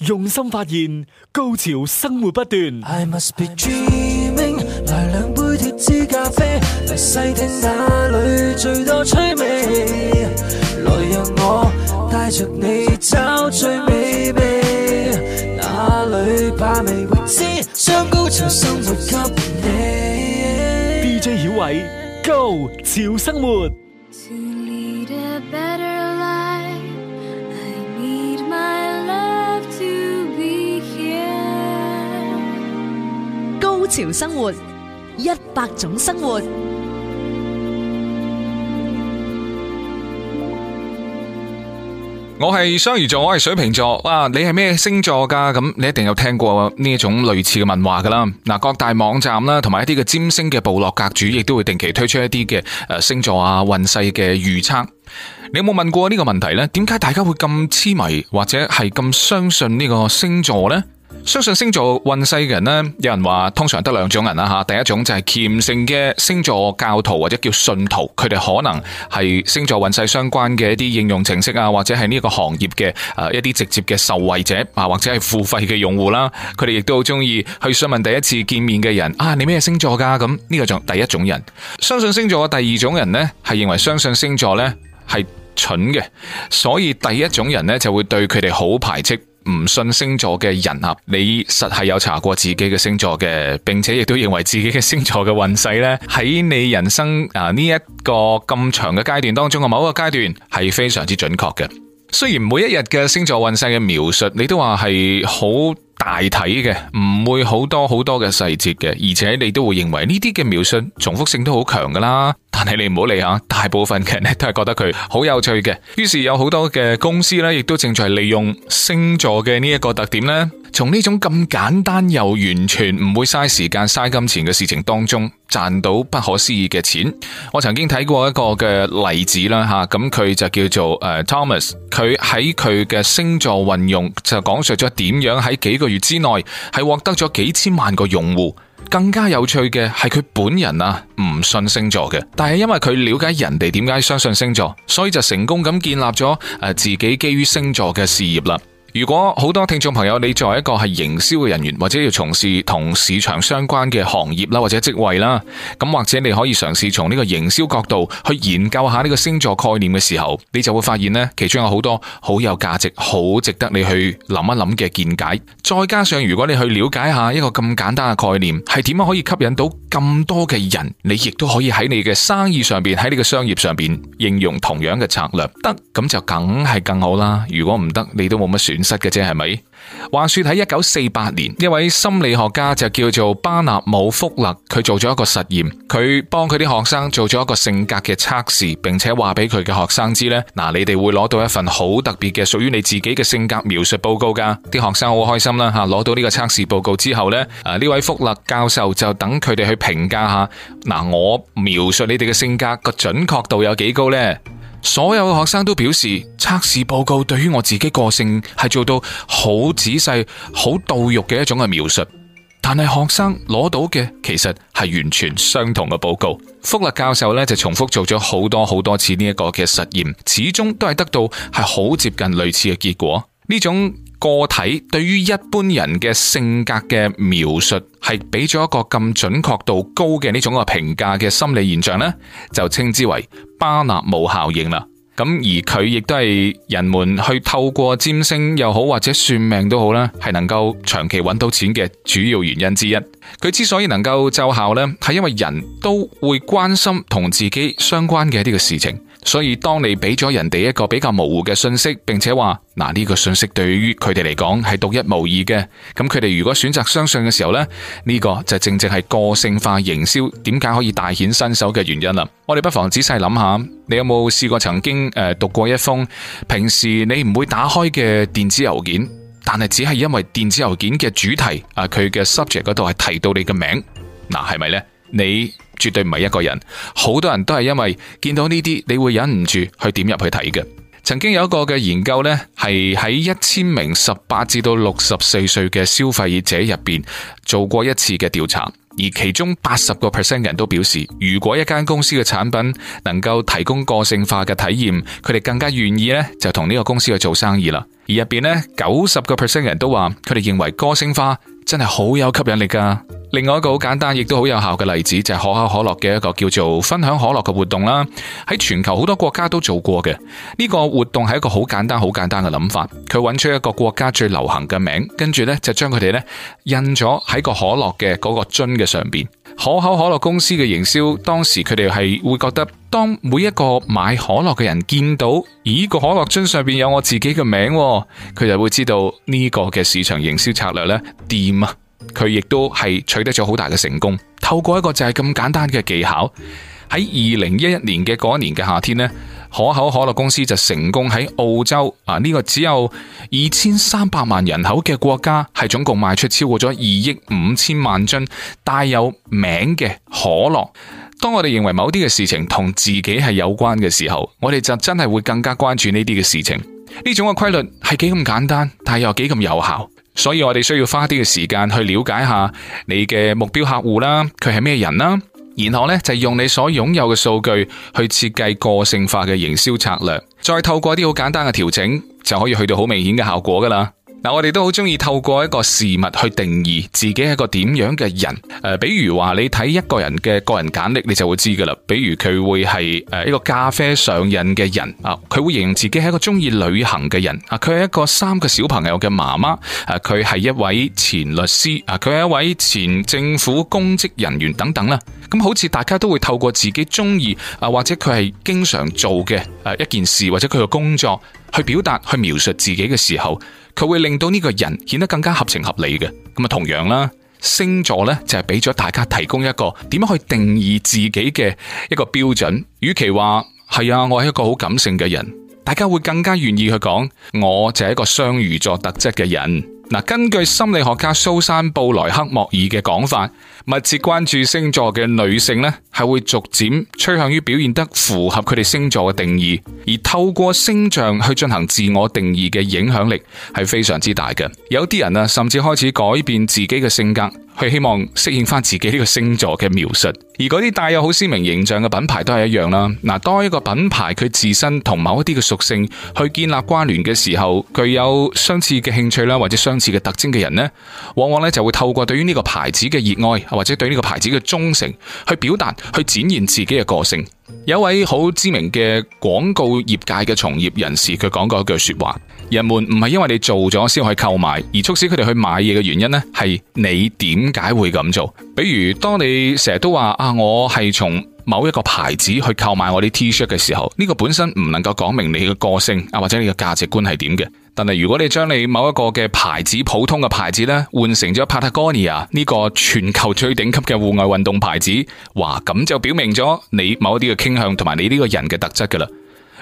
用心發現，高潮生活不斷。I must be dreaming, 來兩杯鐵汁咖啡，嚟細聽那裏最多趣味。來讓我帶着你找最美味，哪裏把味未知，將高潮生活給你。DJ 曉偉，Go 潮生活。潮生活，一百種生活。我係雙魚座，我係水瓶座。哇、啊，你係咩星座噶？咁你一定有聽過呢一種類似嘅問話噶啦。嗱，各大網站啦，同埋一啲嘅占星嘅部落格主，亦都會定期推出一啲嘅誒星座啊運勢嘅預測。你有冇問過呢個問題呢？點解大家會咁痴迷或者係咁相信呢個星座呢？相信星座運勢嘅人呢，有人話通常得兩種人啦吓，第一種就係虔誠嘅星座教徒或者叫信徒，佢哋可能係星座運勢相關嘅一啲應用程式啊，或者係呢個行業嘅誒一啲直接嘅受惠者啊，或者係付費嘅用戶啦，佢哋亦都好中意去詢問第一次見面嘅人啊，你咩星座㗎？咁呢個就第一種人。相信星座嘅第二種人呢，係認為相信星座呢係蠢嘅，所以第一種人呢，就會對佢哋好排斥。唔信星座嘅人啊，你實係有查過自己嘅星座嘅，並且亦都認為自己嘅星座嘅運勢呢，喺你人生啊呢一個咁長嘅階段當中嘅某個階段係非常之準確嘅。雖然每一日嘅星座運勢嘅描述，你都話係好大體嘅，唔會好多好多嘅細節嘅，而且你都會認為呢啲嘅描述重複性都好強噶啦。但係你唔好理吓，大部分嘅人都係覺得佢好有趣嘅。於是有好多嘅公司咧，亦都正在利用星座嘅呢一個特點咧，從呢種咁簡單又完全唔會嘥時間嘥金錢嘅事情當中，賺到不可思議嘅錢。我曾經睇過一個嘅例子啦吓，咁佢就叫做誒 Thomas，佢喺佢嘅星座運用就講述咗點樣喺幾個月之內係獲得咗幾千萬個用戶。更加有趣嘅係佢本人啊，唔信星座嘅，但係因為佢了解人哋點解相信星座，所以就成功咁建立咗自己基於星座嘅事業啦。如果好多聽眾朋友你作為一個係營銷嘅人員，或者要從事同市場相關嘅行業啦，或者職位啦，咁或者你可以嘗試從呢個營銷角度去研究下呢個星座概念嘅時候，你就會發現咧，其中有好多好有價值、好值得你去諗一諗嘅見解。再加上如果你去了解下一個咁簡單嘅概念係點樣可以吸引到咁多嘅人，你亦都可以喺你嘅生意上邊喺你嘅商業上邊應用同樣嘅策略。得咁，就梗係更好啦。如果唔得，你都冇乜選失嘅啫，係咪？話說喺一九四八年，一位心理學家就叫做巴納姆福勒，佢做咗一個實驗，佢幫佢啲學生做咗一個性格嘅測試，並且話俾佢嘅學生知咧，嗱，你哋會攞到一份好特別嘅屬於你自己嘅性格描述報告噶。啲學生好開心啦，吓，攞到呢個測試報告之後呢，啊，呢位福勒教授就等佢哋去評價下，嗱，我描述你哋嘅性格個準確度有幾高呢？」所有學生都表示，測試報告對於我自己個性係做到好仔細、好到肉嘅一種嘅描述。但係學生攞到嘅其實係完全相同嘅報告。福勒教授咧就重複做咗好多好多次呢一個嘅實驗，始終都係得到係好接近類似嘅結果。呢種。個體對於一般人嘅性格嘅描述係俾咗一個咁準確度高嘅呢種嘅評價嘅心理現象呢，就稱之為巴納姆效應啦。咁而佢亦都係人們去透過占星又好或者算命都好啦，係能夠長期搵到錢嘅主要原因之一。佢之所以能夠奏效呢，係因為人都會關心同自己相關嘅呢個事情。所以，當你俾咗人哋一個比較模糊嘅信息，並且話嗱呢個信息對於佢哋嚟講係獨一無二嘅，咁佢哋如果選擇相信嘅時候呢，呢個就正正係個性化營銷點解可以大顯身手嘅原因啦。我哋不妨仔細諗下，你有冇試過曾經誒讀過一封平時你唔會打開嘅電子郵件，但係只係因為電子郵件嘅主題啊，佢嘅 subject 嗰度係提到你嘅名，嗱係咪咧？你？絕對唔係一個人，好多人都係因為見到呢啲，你會忍唔住去點入去睇嘅。曾經有一個嘅研究呢，係喺一千名十八至到六十四歲嘅消費者入邊做過一次嘅調查，而其中八十個 percent 人都表示，如果一間公司嘅產品能夠提供個性化嘅體驗，佢哋更加願意呢就同呢個公司去做生意啦。而入邊呢，九十個 percent 人都話，佢哋認為個性化真係好有吸引力噶。另外一個好簡單，亦都好有效嘅例子就係可口可樂嘅一個叫做分享可樂嘅活動啦。喺全球好多國家都做過嘅呢個活動係一個好簡單、好簡單嘅諗法。佢揾出一個國家最流行嘅名，跟住呢就將佢哋呢印咗喺個可樂嘅嗰個樽嘅上邊。可口可樂公司嘅營銷當時佢哋係會覺得，當每一個買可樂嘅人見到，咦個可樂樽上邊有我自己嘅名，佢就會知道呢個嘅市場營銷策略呢掂啊！佢亦都係取得咗好大嘅成功。透過一個就係咁簡單嘅技巧，喺二零一一年嘅嗰一年嘅夏天呢，可口可樂公司就成功喺澳洲啊，呢個只有二千三百萬人口嘅國家，係總共賣出超過咗二億五千萬樽帶有名嘅可樂。當我哋認為某啲嘅事情同自己係有關嘅時候，我哋就真係會更加關注呢啲嘅事情。呢種嘅規律係幾咁簡單，但係又幾咁有效。所以我哋需要花一啲嘅時間去了解一下你嘅目標客戶啦，佢係咩人啦，然後呢，就用你所擁有嘅數據去設計個性化嘅營銷策略，再透過啲好簡單嘅調整，就可以去到好明顯嘅效果㗎喇。嗱，我哋都好中意透過一個事物去定義自己係一個點樣嘅人。誒，比如話你睇一個人嘅個人簡歷，你就會知噶啦。比如佢會係誒一個咖啡上癮嘅人啊，佢會形容自己係一個中意旅行嘅人啊，佢係一個三個小朋友嘅媽媽。誒，佢係一位前律師啊，佢係一位前政府公職人員等等啦。咁好似大家都會透過自己中意啊，或者佢係經常做嘅誒一件事，或者佢嘅工作。去表達、去描述自己嘅時候，佢會令到呢個人顯得更加合情合理嘅。咁啊，同樣啦，星座咧就係俾咗大家提供一個點樣去定義自己嘅一個標準。與其話係啊，我係一個好感性嘅人，大家會更加願意去講，我就係一個雙魚座特質嘅人。嗱，根據心理學家蘇珊布萊克莫爾嘅講法。密切關注星座嘅女性呢，係會逐漸趨向於表現得符合佢哋星座嘅定義，而透過星象去進行自我定義嘅影響力係非常之大嘅。有啲人啊，甚至開始改變自己嘅性格，去希望適應翻自己呢個星座嘅描述。而嗰啲帶有好鮮明形象嘅品牌都係一樣啦。嗱，當一個品牌佢自身同某一啲嘅屬性去建立關聯嘅時候，具有相似嘅興趣啦，或者相似嘅特徵嘅人呢，往往咧就會透過對於呢個牌子嘅熱愛，或者對呢個牌子嘅忠誠，去表達，去展現自己嘅個性。有一位好知名嘅廣告業界嘅從業人士，佢講過一句說話：人們唔係因為你做咗先去購買，而促使佢哋去買嘢嘅原因呢，係你點解會咁做？比如當你成日都話啊，我係從某一個牌子去購買我啲 T 恤嘅時候，呢個本身唔能夠講明你嘅個性啊，或者你嘅價值觀係點嘅。但係，如果你將你某一個嘅牌子、普通嘅牌子呢，換成咗 Patagonia 呢個全球最頂級嘅戶外運動牌子，哇，咁就表明咗你某一啲嘅傾向同埋你呢個人嘅特質噶啦。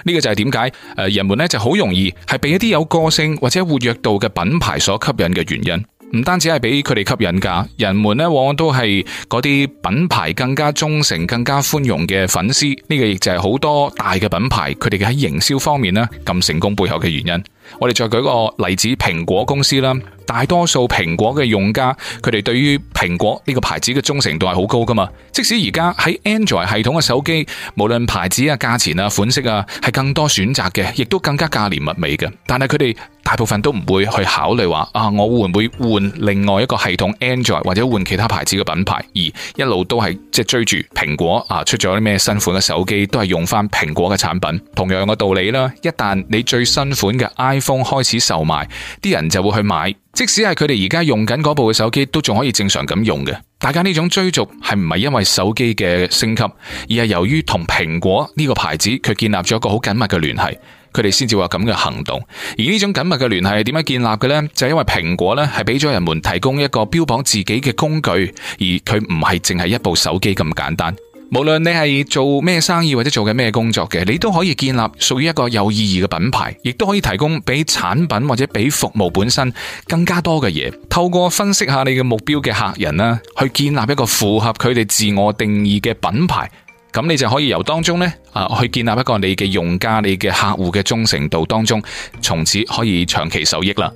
呢個就係點解誒，人們呢就好容易係被一啲有個性或者活躍度嘅品牌所吸引嘅原因。唔單止係俾佢哋吸引噶，人們呢往往都係嗰啲品牌更加忠誠、更加寬容嘅粉絲。呢個亦就係好多大嘅品牌佢哋喺營銷方面呢咁成功背後嘅原因。我哋再舉個例子，蘋果公司啦，大多數蘋果嘅用家，佢哋對於蘋果呢個牌子嘅忠誠度係好高㗎嘛。即使而家喺 Android 系統嘅手機，無論牌子啊、價錢啊、款式啊，係更多選擇嘅，亦都更加價廉物美嘅。但係佢哋大部分都唔會去考慮話啊，我會唔會換另外一個系統 Android 或者換其他牌子嘅品牌，而一路都係即係追住蘋果啊，出咗啲咩新款嘅手機都係用翻蘋果嘅產品。同樣嘅道理啦，一旦你最新款嘅 i iPhone 開始售賣，啲人就會去買。即使係佢哋而家用緊嗰部嘅手機，都仲可以正常咁用嘅。大家呢種追逐係唔係因為手機嘅升級，而係由於同蘋果呢個牌子佢建立咗一個好緊密嘅聯繫，佢哋先至話咁嘅行動。而呢種緊密嘅聯繫係點樣建立嘅呢？就係因為蘋果呢係俾咗人們提供一個標榜自己嘅工具，而佢唔係淨係一部手機咁簡單。無論你係做咩生意或者做緊咩工作嘅，你都可以建立屬於一個有意義嘅品牌，亦都可以提供俾產品或者俾服務本身更加多嘅嘢。透過分析下你嘅目標嘅客人啦，去建立一個符合佢哋自我定義嘅品牌，咁你就可以由當中呢啊去建立一個你嘅用家、你嘅客戶嘅忠誠度當中，從此可以長期受益啦。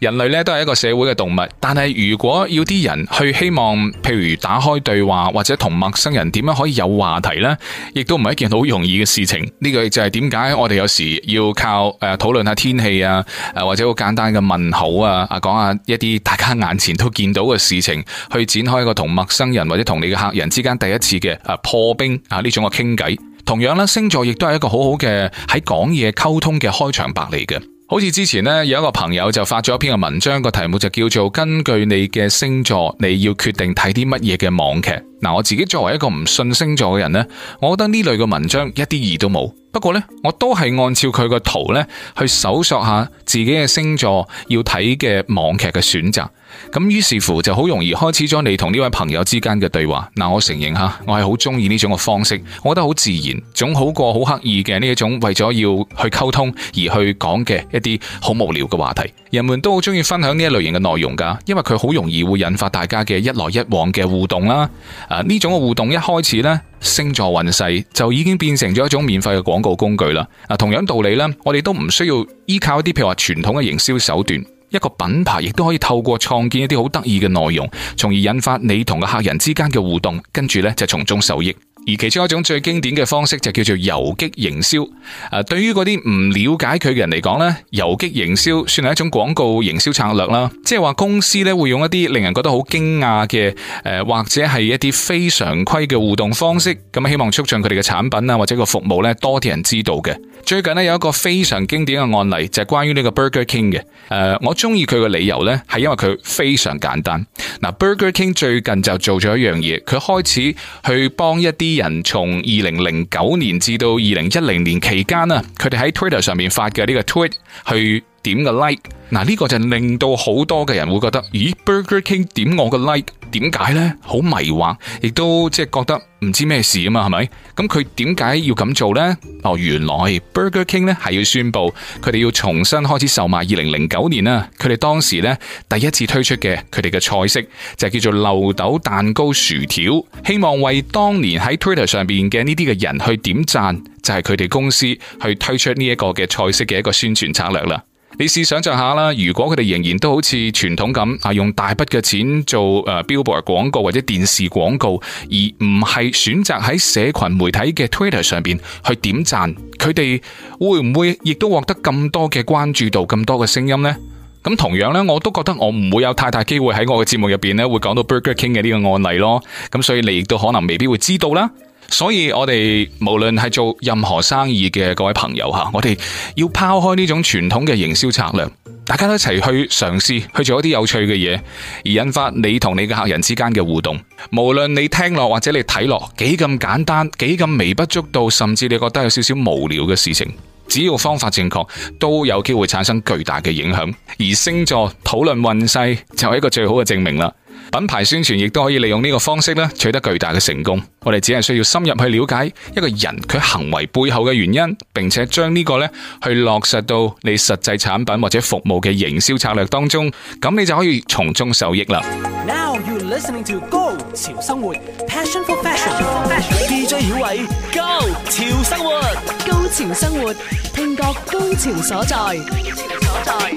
人類咧都係一個社會嘅動物，但係如果要啲人去希望，譬如打開對話或者同陌生人點樣可以有話題呢？亦都唔係一件好容易嘅事情。呢、這個就係點解我哋有時要靠誒討論下天氣啊，誒或者好簡單嘅問好啊，啊講、啊啊、下一啲大家眼前都見到嘅事情，去展開一個同陌生人或者同你嘅客人之間第一次嘅啊破冰啊呢種嘅傾偈。同樣咧，星座亦都係一個好好嘅喺講嘢溝通嘅開場白嚟嘅。好似之前咧，有一個朋友就發咗一篇嘅文章，個題目就叫做《根據你嘅星座，你要決定睇啲乜嘢嘅網劇》。嗱，我自己作為一個唔信星座嘅人呢，我覺得呢類嘅文章一啲意都冇。不過呢，我都係按照佢個圖呢去搜索下自己嘅星座要睇嘅網劇嘅選擇。咁於是乎就好容易開始咗你同呢位朋友之間嘅對話。嗱，我承認吓，我係好中意呢種嘅方式，我覺得好自然，總好過好刻意嘅呢一種為咗要去溝通而去講嘅一啲好無聊嘅話題。人們都好中意分享呢一類型嘅內容噶，因為佢好容易會引發大家嘅一來一往嘅互動啦。啊！呢種嘅互動一開始呢，星座運勢就已經變成咗一種免費嘅廣告工具啦。啊，同樣道理呢，我哋都唔需要依靠一啲譬如話傳統嘅營銷手段，一個品牌亦都可以透過創建一啲好得意嘅內容，從而引發你同個客人之間嘅互動，跟住呢，就從中受益。而其中一種最經典嘅方式就叫做游擊營銷。誒，對於嗰啲唔了解佢嘅人嚟講呢，游擊營銷算係一種廣告營銷策略啦。即係話公司呢，會用一啲令人覺得好驚訝嘅誒，或者係一啲非常規嘅互動方式，咁希望促進佢哋嘅產品啊或者個服務呢，多啲人知道嘅。最近呢，有一個非常經典嘅案例，就係關於呢個 Burger King 嘅。誒，我中意佢嘅理由呢，係因為佢非常簡單。嗱，Burger King 最近就做咗一樣嘢，佢開始去幫一啲。啲人從二零零九年至到二零一零年期間啊，佢哋喺 Twitter 上面發嘅呢個 tweet 去。點個 like 嗱？呢個就令到好多嘅人會覺得，咦？Burger King 點我個 like 點解呢？好迷惑，亦都即係覺得唔知咩事啊？嘛係咪咁佢點解要咁做呢？哦，原來 Burger King 咧係要宣布佢哋要重新開始售賣二零零九年啊。佢哋當時咧第一次推出嘅佢哋嘅菜式就叫做漏斗蛋糕薯條，希望為當年喺 Twitter 上邊嘅呢啲嘅人去點讚，就係佢哋公司去推出呢一個嘅菜式嘅一個宣傳策略啦。你試想象下啦，如果佢哋仍然都好似傳統咁啊，用大筆嘅錢做誒 billboard 廣告或者電視廣告，而唔係選擇喺社群媒體嘅 Twitter 上邊去點讚，佢哋會唔會亦都獲得咁多嘅關注度、咁多嘅聲音呢？咁同樣呢，我都覺得我唔會有太大機會喺我嘅節目入邊呢會講到 Burger King 嘅呢個案例咯。咁所以你亦都可能未必會知道啦。所以我哋無論係做任何生意嘅各位朋友吓，我哋要拋開呢種傳統嘅營銷策略，大家都一齊去嘗試去做一啲有趣嘅嘢，而引發你同你嘅客人之間嘅互動。無論你聽落或者你睇落幾咁簡單，幾咁微不足道，甚至你覺得有少少無聊嘅事情，只要方法正確，都有機會產生巨大嘅影響。而星座討論運勢就係一個最好嘅證明啦。品牌宣傳亦都可以利用呢個方式咧，取得巨大嘅成功。我哋只係需要深入去了解一個人佢行為背後嘅原因，並且將呢個咧去落實到你實際產品或者服務嘅營銷策略當中，咁你就可以從中受益啦。Now you're listening to 高潮生活，Passion for Fashion，DJ 曉偉，Go 潮生活，Fashion, Go，潮生活高潮生活，聽覺高潮所在。潮所在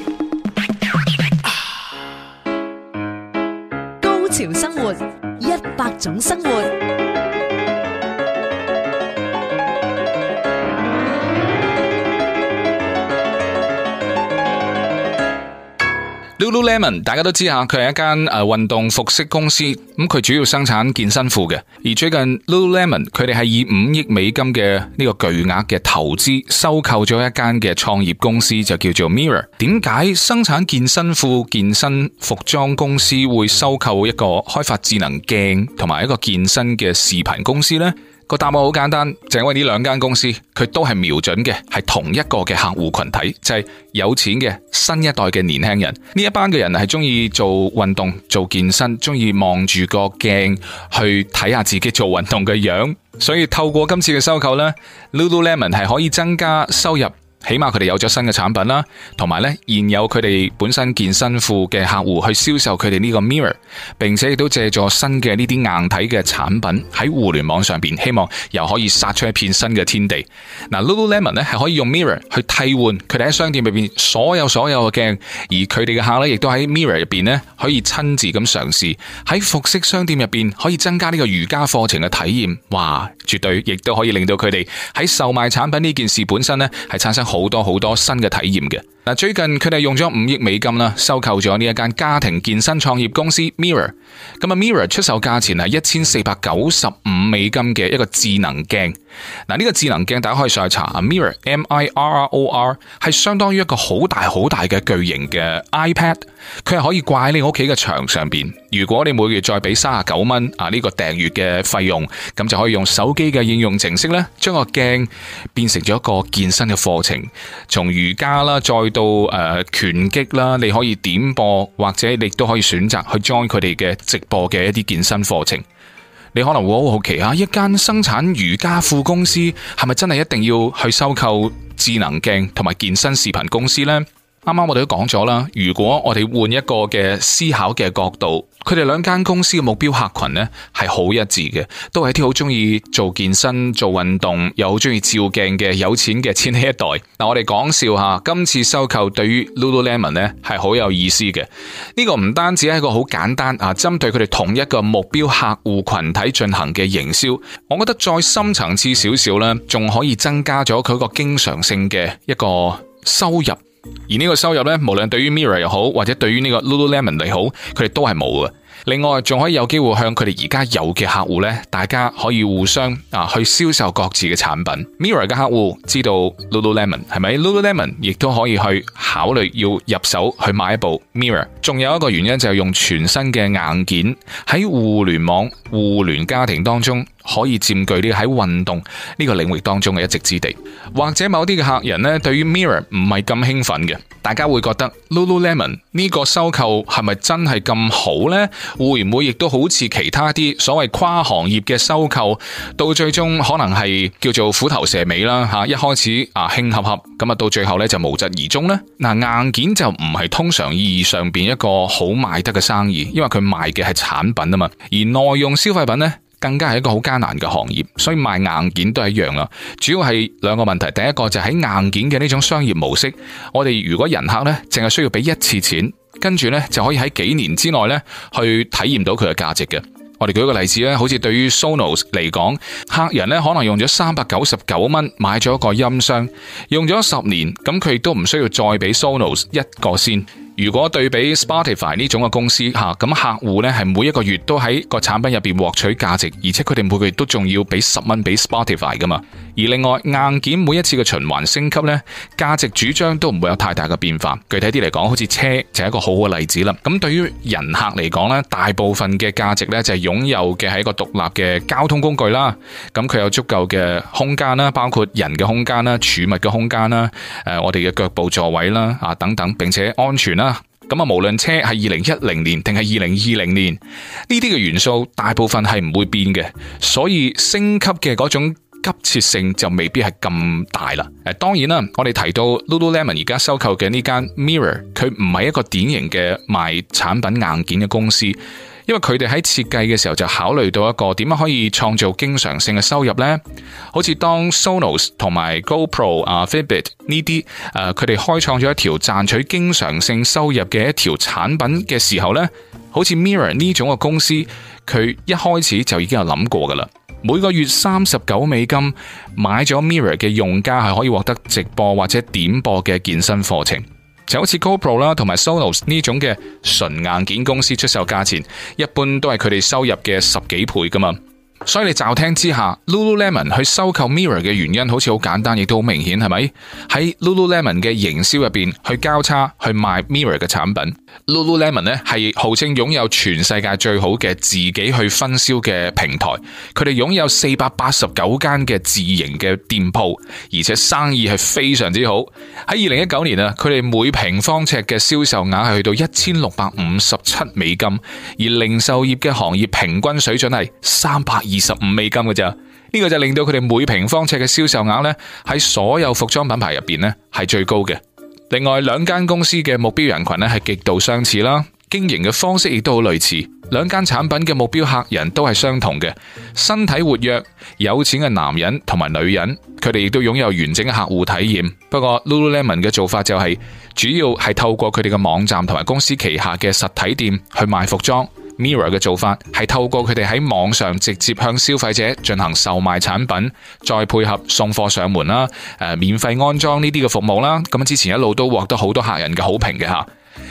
潮生活，一百種生活。Lululemon 大家都知吓，佢係一間誒運動服飾公司，咁佢主要生產健身褲嘅。而最近 Lululemon 佢哋係以五億美金嘅呢個巨額嘅投資收購咗一間嘅創業公司，就叫做 Mirror。點解生產健身褲、健身服裝公司會收購一個開發智能鏡同埋一個健身嘅視頻公司呢？個答案好簡單，就是、因為呢兩間公司，佢都係瞄準嘅係同一個嘅客戶群體，就係、是、有錢嘅新一代嘅年輕人。呢一班嘅人係鍾意做運動、做健身，鍾意望住個鏡子去睇下自己做運動嘅樣子。所以透過今次嘅收購咧，Lululemon 係可以增加收入。起碼佢哋有咗新嘅產品啦，同埋咧現有佢哋本身健身褲嘅客戶去銷售佢哋呢個 mirror，並且亦都借助新嘅呢啲硬體嘅產品喺互聯網上邊，希望又可以殺出一片新嘅天地。嗱，Lululemon 咧係可以用 mirror 去替換佢哋喺商店裏邊所有所有嘅鏡，而佢哋嘅客咧亦都喺 mirror 入邊呢可以親自咁嘗試喺服飾商店入邊可以增加呢個瑜伽課程嘅體驗，哇，絕對亦都可以令到佢哋喺售賣產品呢件事本身呢係產生。好多好多新嘅體驗嘅。嗱，最近佢哋用咗五億美金啦，收購咗呢一間家庭健身創業公司 Mirror。咁啊，Mirror 出售價錢係一千四百九十五美金嘅一個智能鏡。嗱，呢個智能鏡大家可以上去查，Mirror M I R R O R 係相當於一個好大好大嘅巨型嘅 iPad。佢係可以掛喺你屋企嘅牆上邊。如果你每月再俾三十九蚊啊呢個訂閱嘅費用，咁就可以用手機嘅應用程式咧，將個鏡變成咗一個健身嘅課程，從瑜伽啦，再到誒拳擊啦，你可以點播，或者你都可以選擇去 join 佢哋嘅直播嘅一啲健身課程。你可能會好好奇下一間生產瑜伽褲公司係咪真係一定要去收購智能鏡同埋健身視頻公司呢？啱啱我哋都講咗啦，如果我哋換一個嘅思考嘅角度，佢哋兩間公司嘅目標客群呢係好一致嘅，都係啲好中意做健身、做運動，又好中意照鏡嘅有錢嘅千禧一代。嗱，我哋講笑吓，今次收購對於 Lululemon 呢係好有意思嘅。呢個唔單止係一個好簡單啊，針對佢哋同一個目標客戶群體進行嘅營銷，我覺得再深層次少少呢，仲可以增加咗佢個經常性嘅一個收入。而呢個收入呢，無論對於 Mirror 又好，或者對於呢個 Lululemon 嚟好，佢哋都係冇嘅。另外，仲可以有機會向佢哋而家有嘅客戶呢，大家可以互相啊去銷售各自嘅產品。Mirror 嘅客戶知道 Lululemon 係咪？Lululemon 亦都可以去考慮要入手去買一部 Mirror。仲有一個原因就係用全新嘅硬件喺互聯網互聯家庭當中。可以佔據呢喺運動呢個領域當中嘅一席之地，或者某啲嘅客人呢對於 Mirror 唔係咁興奮嘅，大家會覺得 Lululemon 呢個收購係咪真係咁好呢？會唔會亦都好似其他啲所謂跨行業嘅收購，到最終可能係叫做虎頭蛇尾啦？吓，一開始啊興合合，咁啊到最後呢就無疾而終呢。嗱，硬件就唔係通常意義上邊一個好賣得嘅生意，因為佢賣嘅係產品啊嘛，而耐用消費品呢。更加係一個好艱難嘅行業，所以賣硬件都係一樣啦。主要係兩個問題，第一個就係硬件嘅呢種商業模式，我哋如果人客呢，淨係需要俾一次錢，跟住呢就可以喺幾年之內呢去體驗到佢嘅價值嘅。我哋舉一個例子咧，好似對於 Sonos 嚟講，客人呢可能用咗三百九十九蚊買咗個音箱，用咗十年，咁佢都唔需要再俾 Sonos 一個先。如果對比 Spotify 呢種嘅公司吓，咁客戶咧係每一個月都喺個產品入邊獲取價值，而且佢哋每個月都仲要俾十蚊俾 Spotify 噶嘛。而另外硬件每一次嘅循環升級咧，價值主張都唔會有太大嘅變化。具體啲嚟講，好似車就係一個好好嘅例子啦。咁對於人客嚟講咧，大部分嘅價值咧就係擁有嘅係一個獨立嘅交通工具啦。咁佢有足夠嘅空間啦，包括人嘅空間啦、儲物嘅空間啦、誒我哋嘅腳部座位啦、啊等等，並且安全啦。咁啊，無論車係二零一零年定係二零二零年，呢啲嘅元素大部分係唔會變嘅，所以升級嘅嗰種急切性就未必係咁大啦。誒，當然啦，我哋提到 Lululemon 而家收購嘅呢間 Mirror，佢唔係一個典型嘅賣產品硬件嘅公司。因為佢哋喺設計嘅時候就考慮到一個點樣可以創造經常性嘅收入呢，好似當 Sonos 同埋 GoPro 啊 Fitbit 呢啲誒，佢哋開創咗一條賺取經常性收入嘅一條產品嘅時候呢，好似 Mirror 呢種嘅公司，佢一開始就已經有諗過噶啦，每個月三十九美金買咗 Mirror 嘅用家係可以獲得直播或者點播嘅健身課程。就好似 GoPro 啦，同埋 Solos 呢種嘅純硬件公司出售價錢一般都係佢哋收入嘅十幾倍噶嘛。所以你驟聽之下，Lululemon 去收購 Mirror 嘅原因好似好簡單，亦都好明顯，係咪？喺 Lululemon 嘅營銷入邊去交叉去賣 Mirror 嘅產品。Lululemon 咧係號稱擁有全世界最好嘅自己去分銷嘅平台，佢哋擁有四百八十九間嘅自營嘅店鋪，而且生意係非常之好。喺二零一九年啊，佢哋每平方尺嘅銷售額係去到一千六百五十七美金，而零售業嘅行業平均水準係三百二十。二十五美金嘅咋，呢個就令到佢哋每平方尺嘅銷售額呢，喺所有服裝品牌入邊呢，係最高嘅。另外，兩間公司嘅目標人群呢，係極度相似啦，經營嘅方式亦都好類似，兩間產品嘅目標客人都係相同嘅，身體活躍、有錢嘅男人同埋女人，佢哋亦都擁有完整嘅客戶體驗。不過，Lululemon 嘅做法就係主要係透過佢哋嘅網站同埋公司旗下嘅實體店去賣服裝。Mirror 嘅做法係透過佢哋喺網上直接向消費者進行售賣產品，再配合送貨上門啦，誒，免費安裝呢啲嘅服務啦，咁之前一路都獲得好多客人嘅好評嘅吓，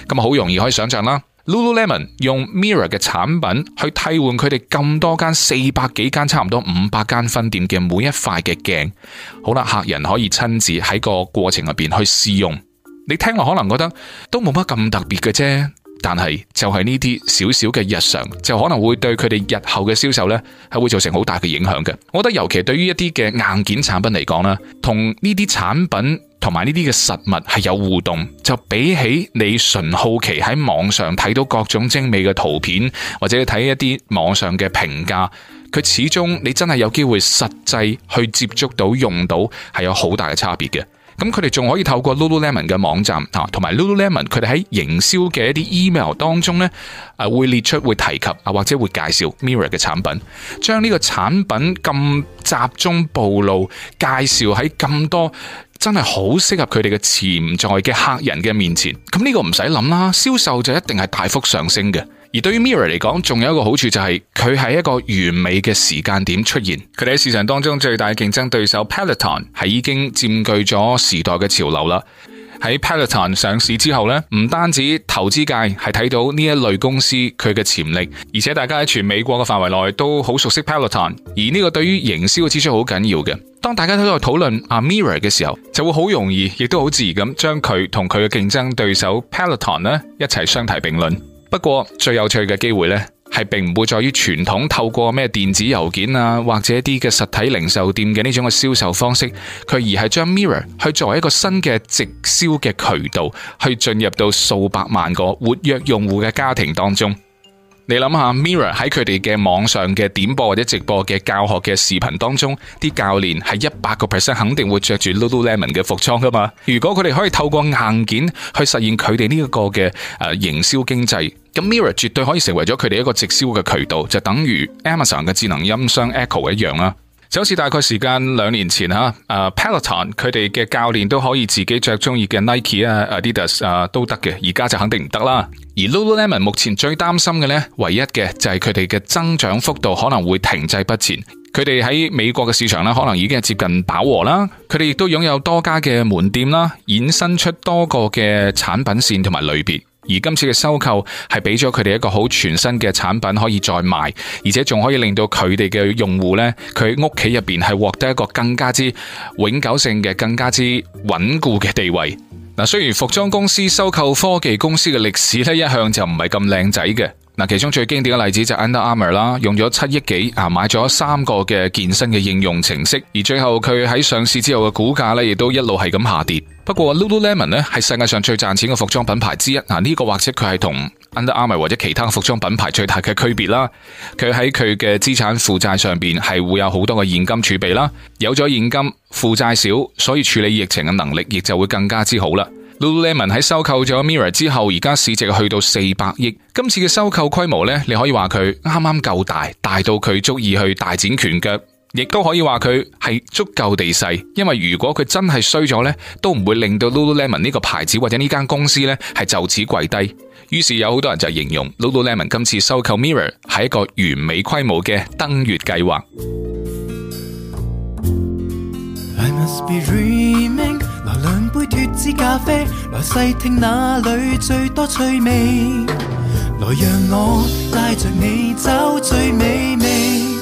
咁好容易可以想象啦，Lululemon 用 Mirror 嘅產品去替換佢哋咁多間四百幾間差唔多五百間分店嘅每一塊嘅鏡。好啦，客人可以親自喺個過程入邊去試用，你聽落可能覺得都冇乜咁特別嘅啫。但係就係呢啲少少嘅日常，就可能會對佢哋日後嘅銷售呢係會造成好大嘅影響嘅。我覺得尤其對於一啲嘅硬件產品嚟講啦，同呢啲產品同埋呢啲嘅實物係有互動，就比起你純好奇喺網上睇到各種精美嘅圖片，或者睇一啲網上嘅評價，佢始終你真係有機會實際去接觸到用到，係有好大嘅差別嘅。咁佢哋仲可以透過 Lululemon 嘅網站啊，同埋 Lululemon 佢哋喺營銷嘅一啲 email 當中呢，誒、啊、會列出會提及啊，或者會介紹 Mirror 嘅產品，將呢個產品咁集中暴露介紹喺咁多真係好適合佢哋嘅潛在嘅客人嘅面前，咁呢個唔使諗啦，銷售就一定係大幅上升嘅。而對於 Mirror 嚟講，仲有一個好處就係佢係一個完美嘅時間點出現。佢哋喺市場當中最大嘅競爭對手 Peloton 係已經佔據咗時代嘅潮流啦。喺 Peloton 上市之後呢，唔單止投資界係睇到呢一類公司佢嘅潛力，而且大家喺全美國嘅範圍內都好熟悉 Peloton。而呢個對於營銷嘅支出好緊要嘅。當大家都喺度討論阿 Mirror 嘅時候，就會好容易，亦都好自然咁將佢同佢嘅競爭對手 Peloton 呢一齊相提並論。不過最有趣嘅機會呢，係並唔會在於傳統透過咩電子郵件啊，或者一啲嘅實體零售店嘅呢種嘅銷售方式，佢而係將 Mirror 去作為一個新嘅直銷嘅渠道，去進入到數百萬個活躍用戶嘅家庭當中。你諗下，Mirror 喺佢哋嘅網上嘅點播或者直播嘅教學嘅視頻當中，啲教練係一百個 percent 肯定會着住 Lululemon 嘅服裝噶嘛？如果佢哋可以透過硬件，去實現佢哋呢一個嘅誒營銷經濟，咁 Mirror 絕對可以成為咗佢哋一個直銷嘅渠道，就等於 Amazon 嘅智能音箱 Echo 一樣啦。就好似大概時間兩年前吓，誒 Peloton 佢哋嘅教練都可以自己着中意嘅 Nike 啊、Adidas 啊都得嘅，而家就肯定唔得啦。而 Lululemon 目前最擔心嘅呢，唯一嘅就係佢哋嘅增長幅度可能會停滯不前。佢哋喺美國嘅市場呢，可能已經係接近飽和啦。佢哋亦都擁有多家嘅門店啦，衍生出多個嘅產品線同埋類別。而今次嘅收購係俾咗佢哋一個好全新嘅產品可以再賣，而且仲可以令到佢哋嘅用戶呢，佢屋企入邊係獲得一個更加之永久性嘅、更加之穩固嘅地位。嗱，雖然服裝公司，收購科技公司嘅歷史一向就唔係咁靚仔嘅。其中最經典嘅例子就係 Under Armour 啦，用咗七億幾啊，買咗三個嘅健身嘅應用程式，而最後佢喺上市之後嘅股價呢，亦都一路係咁下跌。不過 Lululemon 呢係世界上最賺錢嘅服裝品牌之一，嗱、這、呢個或者佢係同 Under Armour 或者其他服裝品牌最大嘅區別啦。佢喺佢嘅資產負債上邊係會有好多嘅現金儲備啦，有咗現金負債少，所以處理疫情嘅能力亦就會更加之好啦。Lululemon 喺收購咗 Mirror 之後，而家市值去到四百億，今次嘅收購規模呢，你可以話佢啱啱夠大，大到佢足以去大展拳腳。亦都可以話佢係足夠地細，因為如果佢真係衰咗呢，都唔會令到 Lululemon 呢個牌子或者呢間公司呢係就此跪低。於是有好多人就形容 Lululemon 今次收購 Mirror 係一個完美規模嘅登月計劃。來兩杯脫脂咖啡，來細聽哪裏最多趣味，來讓我帶着你找最美味。